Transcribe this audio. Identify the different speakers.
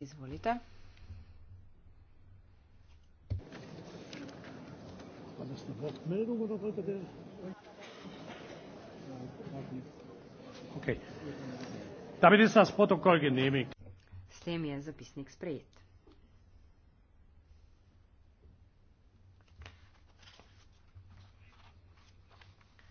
Speaker 1: Izvolite.
Speaker 2: Pa da ste bo kmeru, bo da pojte del.
Speaker 3: Ok. Da bi se nas protokol genemik.
Speaker 2: S tem je
Speaker 4: zapisnik sprejet.